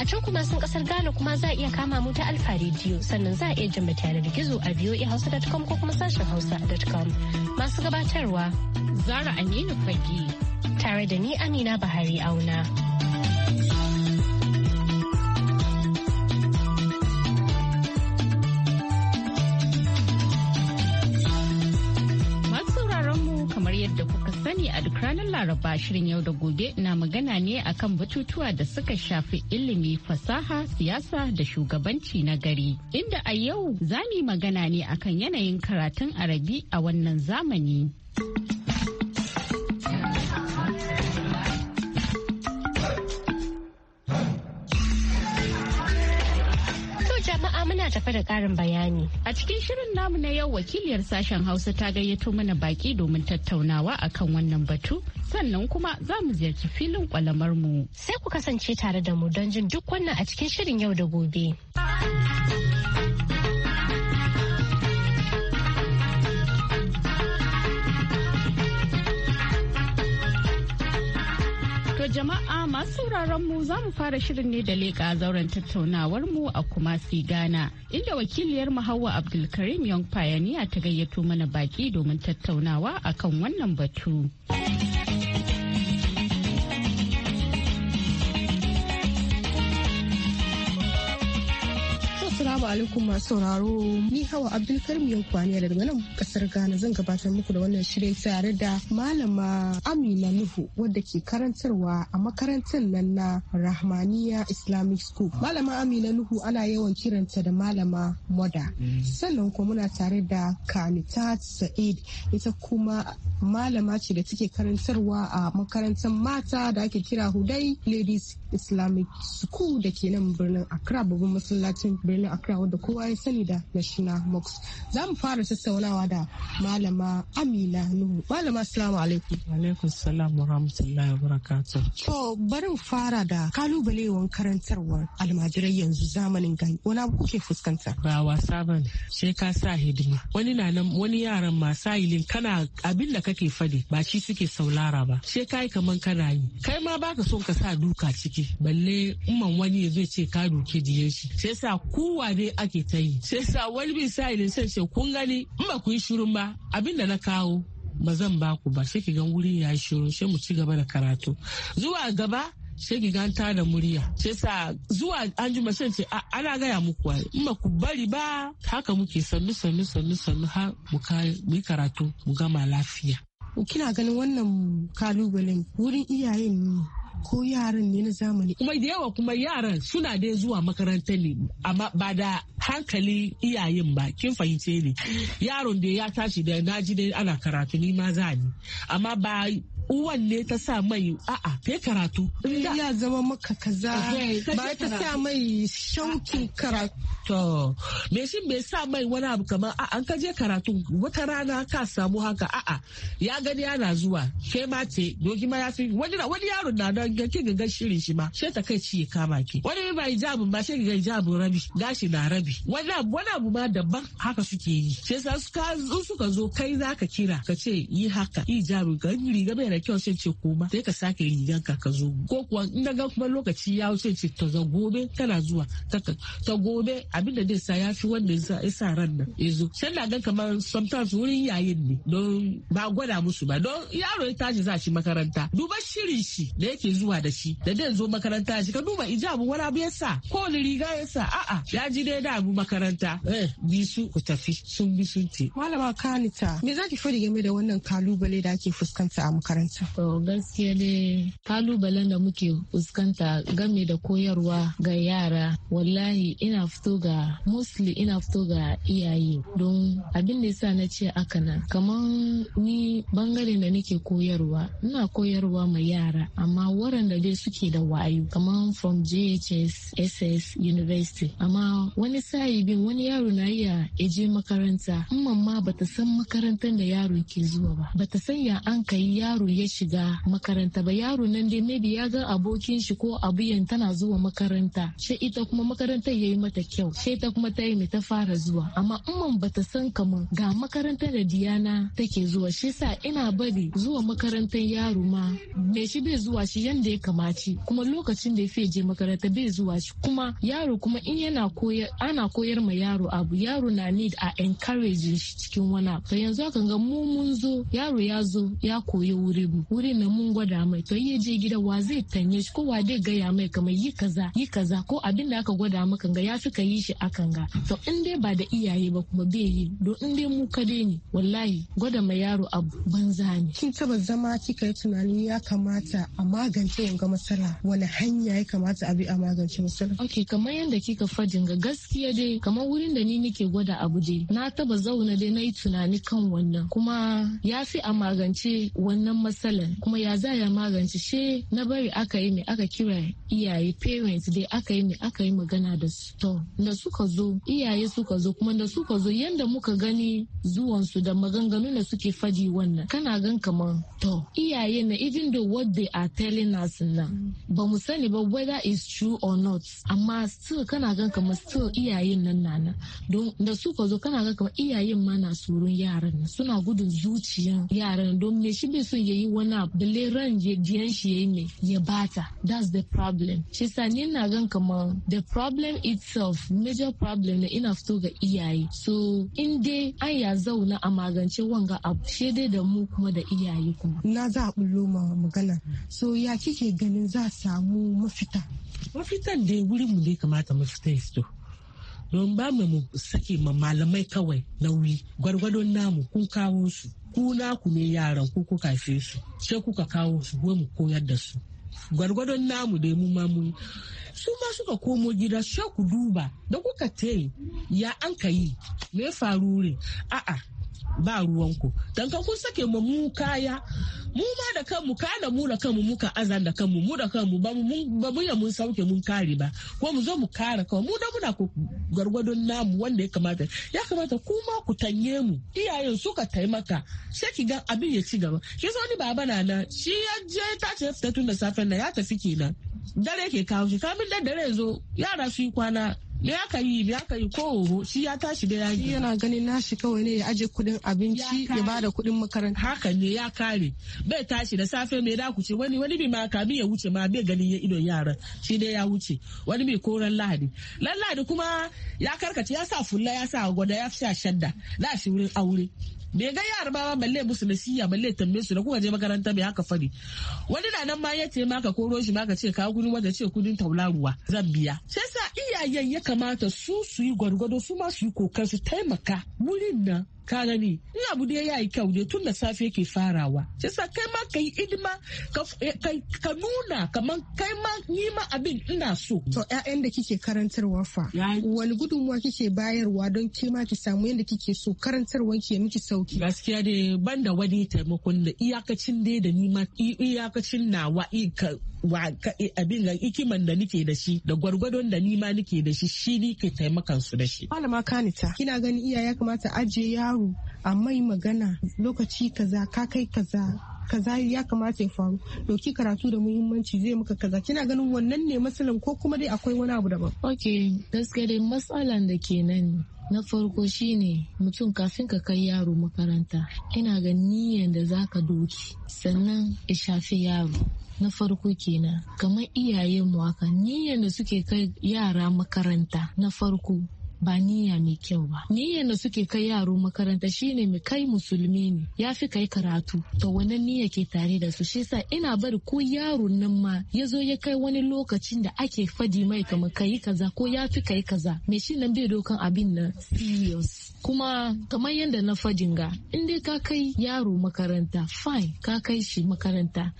A can kuma sun kasar Ghana kuma za a iya kama mu ta Alfa Radio sannan za a iya jin yanar gizo a voahausa.com ko kuma sashen hausa.com. Masu gabatarwa. Zara Aminu Fage. Tare da ni Amina Bahari Auna. laraba shirin yau da gobe na magana ne akan batutuwa da suka shafi ilimi fasaha siyasa da shugabanci na gari inda a yau za magana ne akan yanayin karatun arabi a wannan zamani. tafi da karin bayani. A cikin shirin namu na yau wakiliyar sashen Hausa ta gayyato mana baki domin tattaunawa akan wannan batu sannan kuma za mu ziyarci filin kwalamar mu. Sai ku kasance tare da mu don jin duk wannan a cikin shirin yau da gobe. jama'a masu sauraron mu za mu fara shirin ne da leƙa zauren tattaunawar mu a Kumasi Ghana inda wakiliyar mu Hauwa Abdulkarim Young Pioneer ta gayyato mana baki domin tattaunawa akan wannan batu. alaikum masu sauraro ni hawa Abdulkarim yau kwani daga nan kasar Ghana zan gabatar muku da wannan shirin tare da malama Amina Nuhu wadda ke karantarwa a makarantar nan na Rahmaniya Islamic School. Malama Amina Nuhu ana yawan kiranta da malama Moda. Sannan kuma muna tare da Kamita Sa'id ita kuma malama ce da take karantarwa a makarantar mata da ake kira Hudai Ladies Islamic School da ke nan birnin Accra babban masallacin birnin Accra da kowa ya sani da National Mox. Za mu fara sassaunawa da Malama Amina Nuhu. Malama Assalamu alaikum. Alaikum salam wa rahmatullahi wa barakatuh. To barin fara da kalubalewan karantarwar almajirai yanzu zamanin gani. Wani abu kuke fuskanta? Ba wasa bane. Sai ka sa hidima. Wani na nan wani yaran ma sahilin kana abin da kake fadi ba shi suke saulara ba. Sai kai kaman kana yi. Kai ma baka son ka sa duka ciki. Balle umman wani ya zai ce ka duke diyan shi. Sai sa kowa dai ake ta yi sai sa wani misali sai ce kun gani in ba ku yi shirin ba abin da na kawo ba zan ba ku ba sai ki gan ya shiru sai mu ci gaba da karatu zuwa gaba sai ki ta da murya sai sa zuwa an ji mace ce ana gaya muku wai in ba ku bari ba haka muke sannu sannu sannu sannu har mu yi karatu mu gama lafiya kina ganin wannan kalubalen wurin iyayen ne ko yaran ne na zamani kuma da yawa kuma yaran suna dai zuwa makaranta ne amma ba da hankali iyayen ba kin fahimce ne yaron da ya tashi da naji dai ana karatu ni ma za ni amma ba uwan ne ta sa mai a'a ke karatu ya zama maka kaza eh, ba ta sa mai shauki ah, ah, ah. karatu me shi me sa mai wani abu kamar a an kaje karatu wata rana ka samu haka a'a ya gani yana zuwa kai ma ce dogi ma ya fi wani wani yaro na don ganke ga shirin shi ma sai ta kai ci ya kama ke wani ba jabu ba sai ga jabu rabi gashi na rabi wani abu wani abu ma daban haka suke yi sai suka zo kai zaka kira ka ce yi haka hijabin ka riga bai kyau sai ce koma sai ka sake rigan ka ka zo ko kuwa in daga kuma lokaci ya sai ce ta za gobe tana zuwa ta gobe abin da zai sa ya fi wanda ya sa ran nan ya zo sai na gan kamar sometimes wurin yayin ne don ba gwada musu ba don yaro ya tashi za shi makaranta duba shirin shi da yake zuwa da shi da zai zo makaranta shi ka duba ijabu wani abu ya sa ko wani riga ya sa a'a ya ji dai da abu makaranta eh ku tafi sun bi sun ce malama kanita me zaki fadi game da wannan kalubale da ake fuskanta a makaranta makaranta. To gaskiya dai kalubalen da muke fuskanta game da koyarwa ga yara wallahi ina fito ga mostly ina fito ga iyaye don abin da yasa na ce aka nan kaman ni bangare da nake koyarwa ina koyarwa ma yara amma waɗanda dai suke da wayo kaman from JHS SS University amma wani sa'i wani yaro na iya eje makaranta amma ma bata san makarantar da yaro ke zuwa ba bata san ya an kai yaro ya shiga makaranta ba yaro nan dai maybe ya ga abokin shi ko abiyan tana zuwa makaranta sai ita kuma makarantar yayi mata kyau sai ta kuma ta yi mai ta fara zuwa amma umman bata san kaman ga makaranta da Diana take zuwa shi sa ina bari zuwa makarantar yaro ma me shi bai zuwa shi yanda ya kamaci kuma lokacin da ya je makaranta bai zuwa shi kuma yaro kuma in yana koyar ana koyar ma yaro abu yaro na need a encourage shi cikin wani abu yanzu ka ga mu mun zo yaro ya zo ya koyi wuri Arigu wurin na mun gwada mai to ya je gida wa zai tanye shi ko wa dai gaya mai kamar yi kaza yi kaza ko abin da aka gwada maka ga ya fi ka yi shi akan ga to in dai ba da iyaye ba kuma bai yi don in dai mu ka dai ne wallahi gwada mai yaro abu banza ne. Kin taba zama kika yi tunani ya kamata a magance yanga matsala wani hanya ya kamata a bi a magance matsala. Ok kamar yadda kika fajin ga gaskiya dai kamar wurin da ni nake gwada abu dai na taba zauna dai na yi tunani kan wannan kuma ya fi a magance wannan matsalar kuma ya za ya magance she na bari aka yi mai aka kira iyaye parents dai aka yi mai aka yi magana da su to da suka zo iyaye suka zo kuma da suka zo yanda muka gani zuwansu da maganganu da suke fadi wannan kana gan kamar to iyaye na even though what they are telling us na ba mu sani ba whether is true or not amma still kana gan kamar still iyayen nan nana don da suka zo kana gan kamar iyayen ma na tsoron yaran suna gudun zuciyan yaran don me shi bai son yayi yi wani abu da ran jiyan shi yi mai ya bata that's the problem shi ni na gan kama the problem itself major problem na ina fito ga iyaye so in dai an ya zauna a magance wanga abu shi dai da mu kuma da iyaye kuma na za a bullo ma magana so ya kike ganin za samu mafita mafitan da wuri mu ne kamata mafita ya fito don ba mu sake ma malamai kawai nauyi gwargwadon namu kun kawo su ku naku ne yaran ku kuka haife su sai kuka kawo su mu koyar da su gwargwadon namu da mu ma mu su ma suka komo gida sai ku duba da kuka te ya an ka yi me faru ne a'a ba ku dan kan kun sake mu kaya mu ma da kanmu da mu da kanmu muka azan da kanmu mu da kanmu ba mu ya mun sauke mun kare ba ko mu zo mu kare kawai mu da muna gargwadon namu wanda ya kamata ya kamata kuma ku tanye mu iyayen suka taimaka sai ki ga abin ya ci gaba zo ni baba na na shi ya je ta ce ta tun da safen na ya tafi kenan dare ke kawo shi kamin dare ya zo yara su kwana me aka yi me aka yi ko oho shi ya tashi da yaji yana ganin nashi kawai ne ya aje kudin abinci ya ba da kudin makaranta haka ne ya kare bai tashi da safe mai da ku ce wani wani bi ma kamin ya wuce ma bai ganin ya ido yaran shi dai ya wuce wani bi koran lahadi lan lahadi kuma ya karkace ya sa fulla ya sa gwada ya shadda da shi wurin aure me ga yara ba balle musu nasiya balle tambaye su da kuka je makaranta bai haka fari wani na nan ma ya ce maka koro shi maka ce ka kudin wanda ce kudin taularuwa zan biya sai iyayen ya kamata su su yi gwargwado su ma su yi kokar su taimaka wurin nan ka gani in abu da ya yi kyau ne tun da safe yake farawa shi sa kai ma ka yi idima eh, ka nuna kamar kai ma ni ma abin ina so to ƴaƴan da kike karantarwa fa wani gudunmuwa kike bayarwa don ke ma ki samu yadda kike so karantarwa ke miki sauki gaskiya da ban da wani taimakon da iyakacin dai da ni ma iyakacin nawa abin hikiman ikiman da nike da shi da gwargwadon da nima nike da shi shi nike taimakan su da shi. Malama Kanita, kina gani iya ya kamata ajiye yaro a mai magana lokaci kaza ka kai kaza kaza ya kamata ya faru doki karatu da muhimmanci zai muka kaza kina ganin wannan ne masalan ko kuma dai akwai wani abu daban. Ok, gaskiya dai matsalan da ke nan na farko shine mutum kafin ka kai yaro makaranta ina ga niyyar da za ka doki sannan ya shafi yaro na farko kenan kamar iyayen mu haka niyyar da suke kai yara makaranta na farko ba niyya mai kyau ba niyyar da suke kai yaro makaranta shine mu kai musulmi ne ya fi kai karatu to wani niyya ke tare da su shi sa ina bari ko yaro nan ma ya zo ya kai wani lokacin da ake fadi mai kama kai kaza ko ya fi kai kaza me shi nan bai dokan abin na serious kuma kamar yadda na fadin ga in dai ka kai yaro makaranta fine ka kai shi makaranta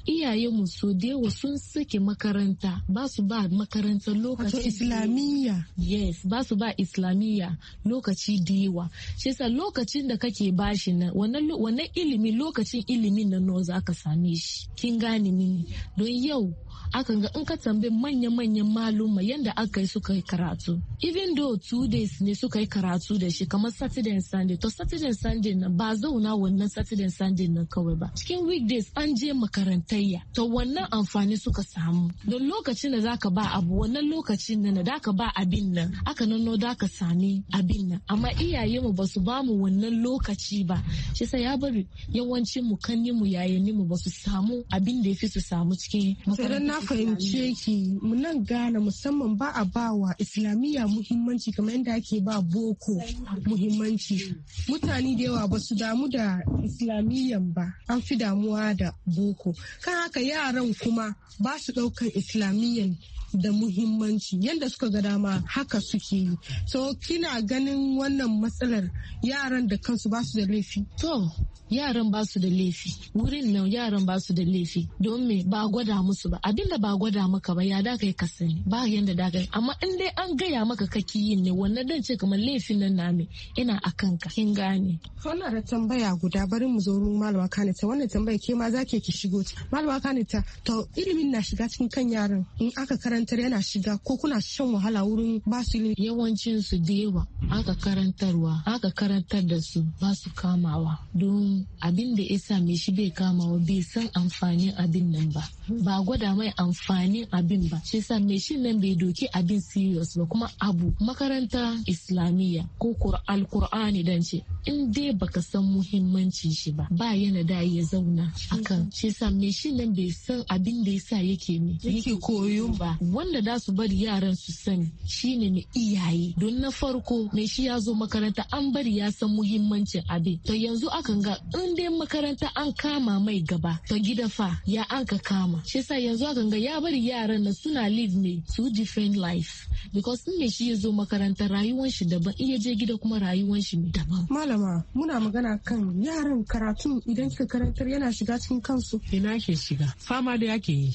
mu so da yawa sun sake makaranta ba su ba makaranta lokacin islamiyya yes ba su ba islamiyya islamiyya lokaci da yawa shi yasa lokacin da kake bashi na wannan ilimi lokacin ilimin nan nawa za ka same shi kin gane mini don yau akan ga in ka tambayi manya-manyan maluma yadda aka yi suka yi karatu even though two days ne suka yi karatu da shi kamar saturday and sunday to saturday and sunday na ba zauna wannan saturday and sunday na kawai ba cikin weekdays an je makarantayya to wannan amfani suka samu don lokacin da za ka ba abu wannan lokacin nan da ka ba abin nan aka nanno da ka sami abin nan amma iyaye mu ba su bamu wannan lokaci ba shi sai ya bari yawancin mu kanni mu yayanni mu ba su samu abin da yafi su samu cikin makarantar na fahimce ki mu nan Ghana musamman ba a bawa islamiyya muhimmanci kamar yadda ake ba boko muhimmanci mutane da yawa ba su damu da islamiyyan ba an fi damuwa da boko kan haka yaran kuma ba su ɗaukar islamiyyan da muhimmanci yadda suka ga dama haka suke yi so kina ganin wannan matsalar yaran da kansu ba su da laifi to yaran ba su da laifi wurin nan yaran ba su da laifi don me ba gwada musu ba abinda ba gwada maka ba ya da kai ka sani ba yanda da kai amma in dai an gaya maka kaki yin ne wannan dan ce kamar laifin nan na me ina a kanka. kin gane wannan da tambaya guda bari mu zo ruwan malama kanita wannan tambaya ke ma zake ki shigo ta malama kanita to ilimin na shiga cikin kan yaran in aka karanta karantar yana shiga ko kuna shan wahala wurin ba su ilimi yawancin su da yawa aka karantarwa aka karantar da su ba su kamawa don abin da isa mai shi bai kamawa bai san amfanin abin nan ba ba gwada mai amfanin abin ba shi sa mai shi nan bai doki abin serious ba kuma abu makaranta islamiyya ko alkur'ani dan ce in dai baka san muhimmancin shi ba ba yana da ya zauna akan shi sa mai shi nan bai san abin da yasa yake ne yake koyo ba wanda za su bari yaran su sani shine mai iyaye don na farko mai shi ya zo makaranta an bari ya san muhimmancin abin to yanzu akan ga in dai makaranta an kama mai gaba to gida fa ya an ka kama shi yasa yanzu akan ga ya bari yaran na suna live ne two different life because in ne shi ya zo makaranta rayuwan shi daban iya je gida kuma rayuwar shi daban malama muna magana kan yaran karatu idan kika karantar yana shiga cikin kansu ina ke shiga fama da yake yi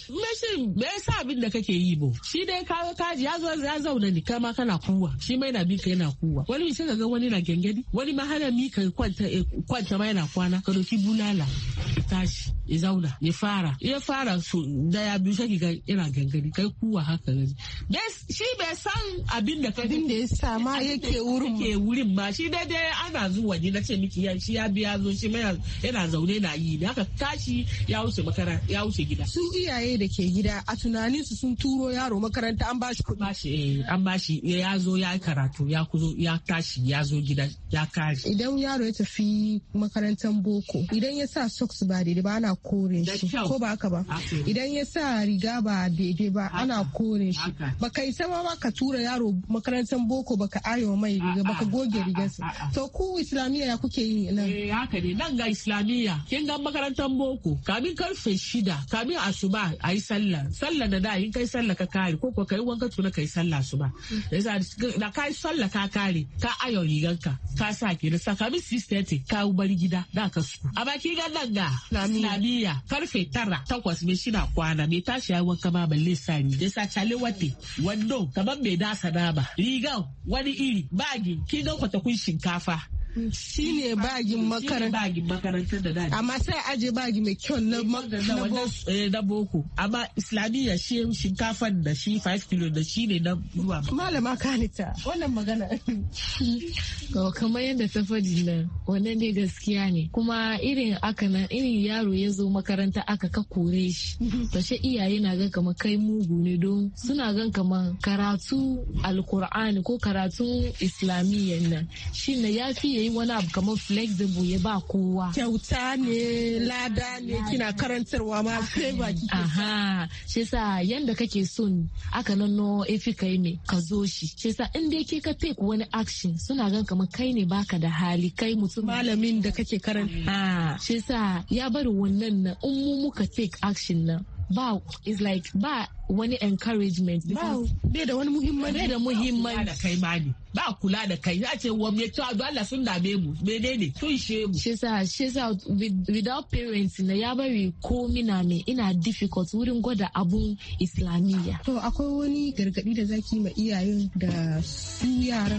me yasa abin da kake yi ba shago shi dai kawo kaji ya zo ya zauna ni kama kana kuwa shi mai na mika yana kuwa wani sai ga wani na gengedi wani ma hana mika kwanta eh, kwanta ma yana kwana ka doki bulala tashi ya zauna ya fara ya fara su daya biyu shaki ga ina gangari kai kuwa haka gani shi bai san abin da kai da ya sama yake wurin ke wurin ma shi dai dai ana zuwa ni na ce miki ya shi ya biya zo shi mai yana zaune na yi da haka tashi ya wuce makara ya wuce gida su iyaye da ke gida a tunanin su sun turo yaro makaranta an bashi kuɗi bashi an bashi eh, ya zo ya karatu ya kuzo ya tashi ya zo gida ya kashi idan yaro ya tafi makarantar boko idan ya sa socks ba ba daidai ba ana kore shi ko ba haka ba idan ya sa riga ba daidai ba ana kore shi ba kai sama ba ka tura yaro makarantar boko ba ka arewa mai riga ba ka goge rigarsa to ku islamiyya ya kuke yi nan eh haka ne nan ga islamiyya kin ga makarantar boko kamin karfe shida kamin asuba a yi sallah sallah da da in kai sallah ka kare ko ko kai wanka tuna kai sallah su ba. Mm. da kai sallah ka kare ka ayo riganka ka sa ki da saka min 630 ka bar gida da ka su a baki ga nan ga islamiyya karfe tara takwas mai shida kwana mai tashi ya wanka ma balle sani dasa sa cale wate wando kamar bai dasa ba rigan wani iri bagi kin ga kwatakun shinkafa shine bagin makaranta amma sai aje bagi mai kyau eh, na boko amma islamiyya shi shinkafa da shi 5 kilo da shi ne na ruwa malama kanita wannan magana kamar yadda ta faɗi nan wannan ne gaskiya ne kuma irin aka nan irin yaro ya zo makaranta aka ka kore shi to she iyaye na ga kamar kai mugu ne don suna gan kamar karatu alkur'ani ko karatu islamiyya nan shi na ya fiye yi wani abu kamar flexible ya ba kowa kyauta ne lada ne kina karantarwa ma sai ba aha shi sa yanda kake son aka nanno efi kai ne ka zo shi shi sa in dai ke ka take wani action suna gan kamar kai ne baka da hali kai mutum malamin da kake karanta ah, shi sa ya bari wannan na in mu muka take action nan ba is like ba wani encouragement ba da wani muhimmanci bai da muhimmanci kai ma ne ba kula da kai za ce wa me to Allah sun dame mu ne tun she mu she sa she sa without parents na ya bari ko mina me ina difficult wurin gwada abun islamiyya to akwai wani gargadi da zaki ma iyayen da su yara.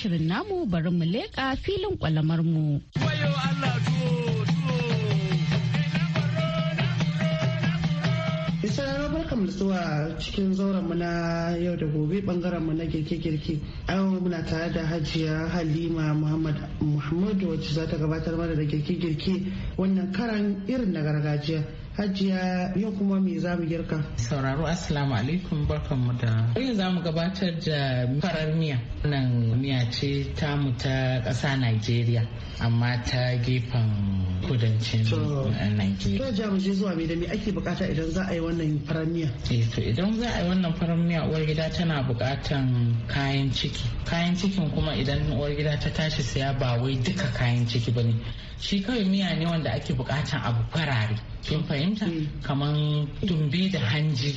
shirin namu bari mu leƙa filin kwalamar mu. Isararwa barkamu da zuwa cikin zauren mu na yau da gobe bangaren mu na girke-girke. muna tare da hajiya halima muhammad muhammadu wacce za ta gabatar mana da girke-girke wannan karan irin na gargajiya hajiya yau kuma me za mu girka sauraro assalamu alaikum barkanmu da yau za mu gabatar da farar miya nan miya ce tamu ta ƙasa nigeria amma ta gefen kudancin Najeriya. ja mu je zuwa me da me ake bukata idan za a yi wannan farar miya? Eh to idan za a yi wannan farar miya uwar gida tana bukatan kayan ciki. kayan cikin kuma idan uwar gida ta tashi saya ba wai duka kayan ciki ba ne shi kawai miya ne wanda ake bukatan abu farare kin fahimta mm. kamar dumbi da hanji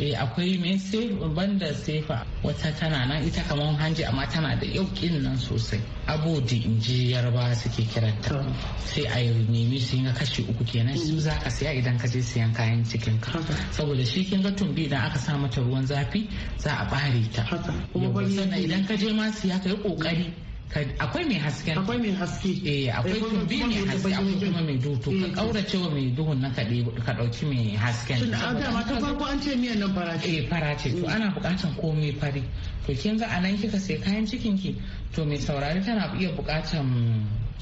eh akwai mai sai banda sefa wata tana nan ita kamar hanji amma tana da yaukin nan sosai abu in inji yarba suke kiranta sai a yi nemi su yi kashi uku kenan su mm. za ka siya idan ka je siyan kayan cikin ka saboda shi kin ga tumbi idan aka sa mata ruwan zafi za a bare ta idan ka je ma siya ya kai kokari akwai mai haske akwai mai haske eh akwai kumbi mai haske akwai kuma mai duhu ka kaura eh, cewa mai duhun na ka ka dauki mai hasken tun a da ma ta farko an ce miyan nan farace eh farace to ana bukatan komai fari to kin ga anan kika sai kayan cikin ki to mai saurari tana iya bukatan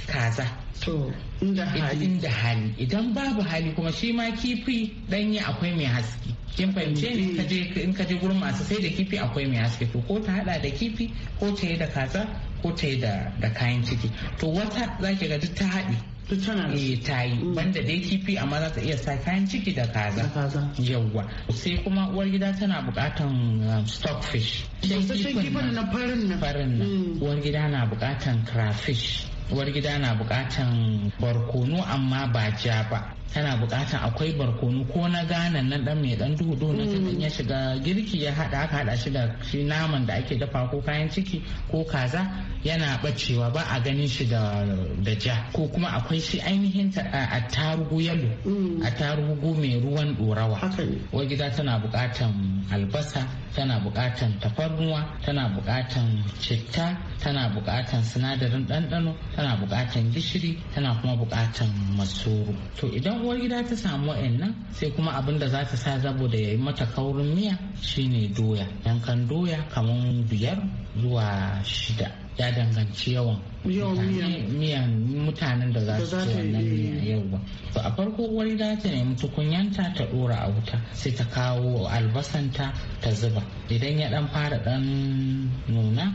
kaza to inda hali idan babu hali kuma shi ma kifi danye akwai mai haske kin fahimce ni ka je in ka je gurin masu sai da kifi akwai mai haske to ko ta hada da kifi ko ta yi da kaza ko ta yi da kayan ciki to wata za ki ga duk ta haɗi tana eh, ta yi mm. banda dai kifi amma za ta iya sa kayan ciki da kaza yawwa sai kuma uwar gida tana bukatan um, stockfish sai kifin na farin nan farin nan mm. uwar gida na bukatan crayfish uwar gida na bukatan barkono amma ba ja ba tana bukatan akwai barkono ko na ganan nan dan mai dan duhu na ta mm. ya shiga girki ya hada aka hada shi da shi naman da ake dafa ko kayan ciki ko kaza yana bacewa ba a ganin shi da ja ko kuma akwai shi ainihin a tarugu yalo mm. a tarugu mai ruwan dorawa wa gida tana bukatan albasa tana bukatan tafarnuwa tana bukatan citta tana bukatan sinadarin dandano tana bukatan gishiri tana kuma bukatan masoro to idan uwar gida ta samu wa'annan sai kuma abin da za ta sa saboda ya yi mata kaurin miya shine doya yankan doya kaman biyar zuwa shida ya danganci yawan miyan mutanen da za su ci wannan miyan yau ba to a farko wani za ta nemi tukunyanta ta dora a wuta sai ta kawo albasanta ta zuba idan ya dan fara dan nuna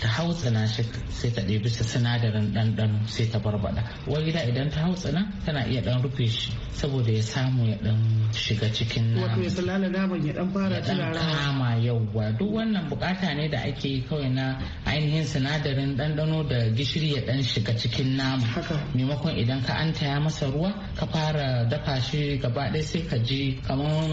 ta hautsina shi sai ta ɗebi sinadarin ɗanɗano sai ta barbaɗa wai gida idan ta hautsina tana iya ɗan rufe shi saboda ya samu ya ɗan shiga cikin nama wato ya salala naman ya ɗan fara ya kama yauwa duk wannan bukata ne da ake kawai na ainihin sinadarin ɗanɗano da gishiri ya ɗan shiga cikin nama maimakon idan ka antaya masa ruwa ka fara dafa shi gaba ɗaya sai ka ji kamar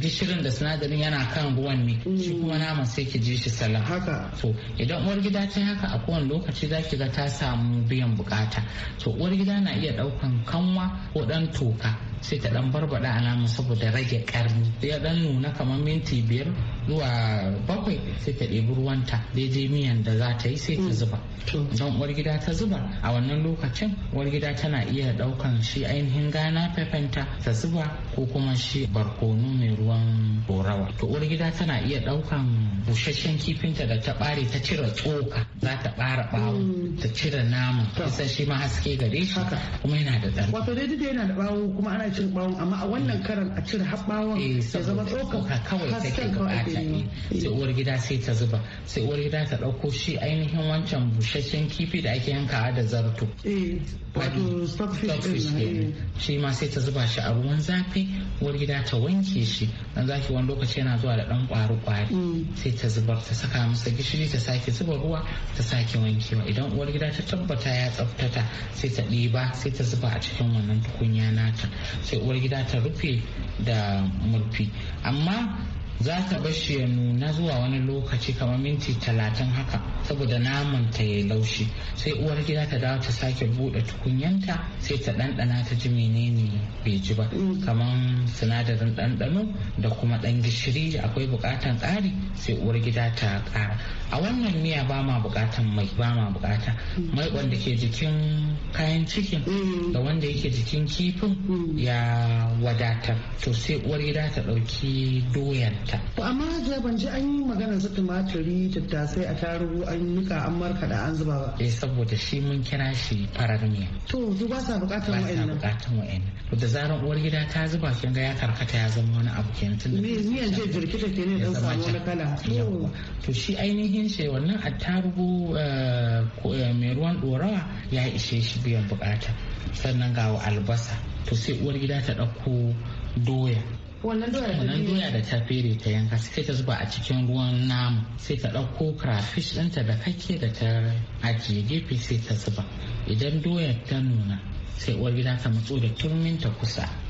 gishirin da sinadarin yana kan ruwan ne shi mm. kuma nama sai ki ji shi salam haka to idan uwar gida ta haka a kowane lokaci za ki ga ta samu biyan bukata to uwar gida na iya daukan kanwa ko dan toka sai ta dan barbada nama saboda rage karni ya dan nuna kamar minti biyar zuwa bakwai sai ta ɗebi ruwanta daidai miyan da za ta yi sai ta mm. zuba don uwar gida ta zuba a wannan lokacin uwar gida tana iya ɗaukan shi ainihin gana fefenta ta zuba ko kuma shi barkono mai ruwan borawa to uwar gida tana iya ɗaukan busasshen kifinta da ta bare ta cire tsoka za ta ɓara ɓawo mm. ta cire nama kusan shi ma haske gare shi kuma yana da ɗan wato dai yana da ɓawo kuma ana cin bawon amma a wannan mm. karan a cire haɓawon eh, ya zama tsoka kawai take bukata ne sai uwar gida sai ta zuba sai uwar gida ta ɗauko shi ainihin wancan bushashen kifi da ake yankawa da zarto eh, wato stockfish eh. shi ma sai ta zuba shi a ruwan zafi uwar gida ta wanke shi dan zaki wani lokaci yana zuwa da dan kwari kwari mm. sai ta zubar ta saka masa gishiri ta sake zuba ruwa ta sake wankewa idan uwar gida ta tabbata ya tsaftata sai ta ɗiba sai ta zuba a cikin wannan tukunya nata sai uwar gida ta rufe da murfi amma za ta bar shi ya nuna zuwa wani lokaci kamar minti talatin haka saboda naman ta ya laushi sai uwar gida ta dawo ta sake bude tukunyanta sai ta ɗanɗana ta ji menene bai ji ba mm. kamar sinadarin ɗanɗano da kuma ɗan gishiri akwai buƙatan ƙari sai uwar gida ta ƙara a wannan miya ba ma bukatan mai ba ma bukata mai wanda ke jikin kayan cikin mm. da wanda yake jikin kifin mm. ya wadatar to sai uwar gida ta ɗauki doyanta amma hajiya ban ji an yi magana su tumaturi tattasai a tarugu an nika an markaɗa an zuba ba eh saboda shi mun kira shi farar miya to su ba sa bukatan wa'annan ba sa bukatan wa'annan to da zaran uwar gida ta zuba kin ga ya karkata ya zama wani abu kenan tun da miyan ce jirkita ke ne dan samu wani kala to shi ainihin girce wannan attarugu eh, eh, mai ruwan dorawa ya ishe shi biyan bukata sannan ga albasa to sai uwar gida ta ɗauko doya wannan doya da ta fere ta yanka sai ta zuba a cikin ruwan namu sai ta ɗauko crayfish ɗinta da kake da ta ajiye gefe sai ta zuba idan doya ta nuna sai uwar gida ta matso da turmin ta kusa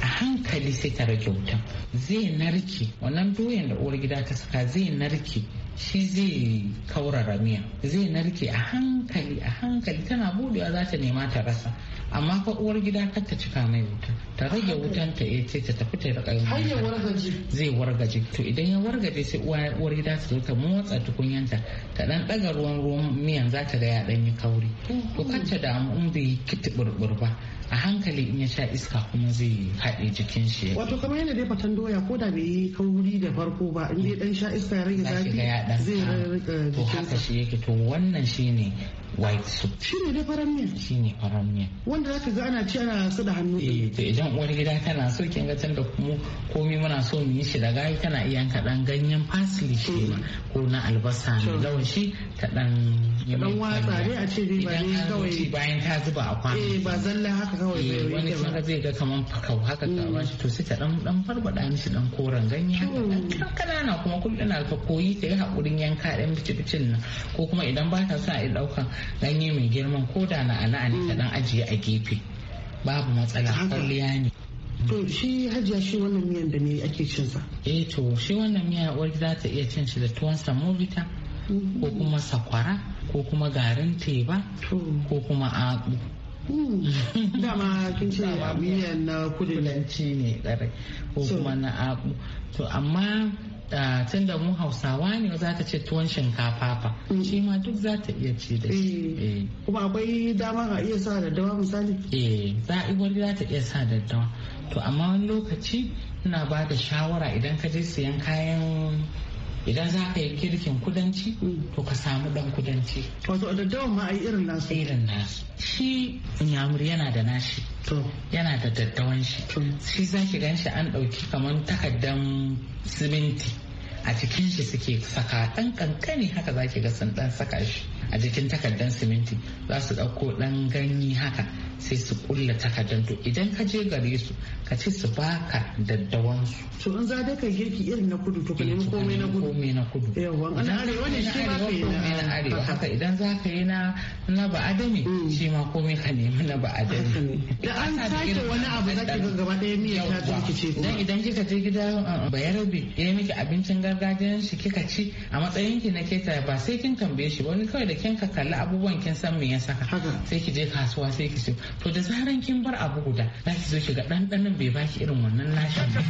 a hankali sai ta rage wuta. zai narke wannan doyan da uwar gida ta saka zai narke shi zai kaurara miya zai narke a hankali a hankali tana budewa za ta nema ta rasa amma fa uwar gida kar ta cika mai wuta ta rage wutan ta ya eh, ce ta tafi ta rika yin wuta zai wargaje to idan ya wargaje sai uwa uwar gida ta zo ta motsa tukunyanta ta dan daga ruwan ruwan miyan za ta ga ya dan yi kauri to kar ta damu in bai burbur ba a hankali in ya sha iska kuma zai haɗe jikin shi wato kamar yana dai fatan doya ko da bai yi kauri da farko ba in dai dan sha iska ya rage zafi zai rage jikin to haka shi yake to wannan shine white soup ne da farar miya ne farar miya wanda zaka ga ana ci ana su da hannu eh to idan uwar gida tana so kin ga tunda kuma komai muna so mu yi shi da gari tana iya yanka dan ganyen parsley shi hmm. ma ko na albasa ne lawashi ta dan dan watsa dai a ce dai ba ne kawai bayan ta zuba a kwano eh ba zalla haka kawai bai eh, wani kuma zai ga kaman fakau haka ka hmm. ba shi to sai ta dan dan farbada mishi dan koran ganye haka na kanana kuma kullun na ka koyi ta yi hakurin yanka dan bici bicin nan ko kuma idan ba ta sa a dauka yi mai girman ko da na ana ne ka dan ajiye a gefe babu matsala kwalliya ne to shi hajiya shi wannan miyan da ne ake cin sa eh to shi wannan miya uwar gida ta iya cin shi da tuwon samovita mm. ko kuma sakwara ko kuma garin teba ko kuma abu mm. dama kin ce miyan na kudulanci ne ko kuma na abu to amma tun da mu hausawa ne za ta ce tuwon shinkafa fa mm. shi ma duk za ta iya ci da shi eh. Eh. kuma akwai dama a iya sa daddawa misali eh, za a za ta iya sa daddawa to amma wani lokaci ina ba da shawara idan ka je siyan kayan idan za ka yi kirkin kudanci hmm. to ka samu dan kudanci wato da dawa ma yi irin nasu irin nasu shi nyamur yana da nashi to yana da daddawan shi shi zaki gan shi an dauki kamar takaddan siminti a cikin shi suke saka ɗan kankani haka za ki ga sun ɗan saka shi a jikin takardar siminti za su ɗauko ɗan ganye haka sai su kulla takardar to idan ka je gare su ka ce su baka daddawan su to in za ka girki irin na kudu to ka nemi komai na kudu komai na kudu yawa an arewa ne shi ma yi na arewa haka idan za ka yi na na ba adami mm. shi ma komai ka nemi na ba adami da an sake wani abu za ka ga gaba ɗaya miya ta rikice kuma dan idan kika je gida uh, bayarabe ya miki abincin gari gargajiyar shi kika ci a matsayin ki na keta ba sai kin tambaye shi wani kawai da kin ka kalli abubuwan kin san me ya saka sai ki je kasuwa sai ki siyo to da zaran kin bar abu guda za ki zo ki ga ɗanɗanon bai baki irin wannan nashin ba.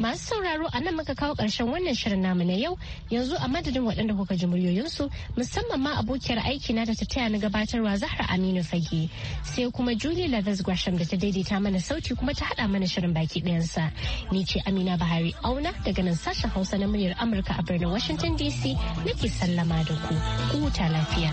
Masu sauraro a nan muka kawo ƙarshen wannan shirin namu na yau yanzu a madadin waɗanda kuka ji muryoyinsu musamman ma abokiyar aiki na da ta taya na gabatarwa Zahra Aminu Fage sai kuma Julie lavis Gresham da ta daidaita mana sauti kuma ta haɗa mana shirin baki ɗayansa. Ni ce Amina Bahari Auna daga nan sashen Hausa na muryar Amurka a birnin Washington DC nake sallama da ku. Ku huta lafiya.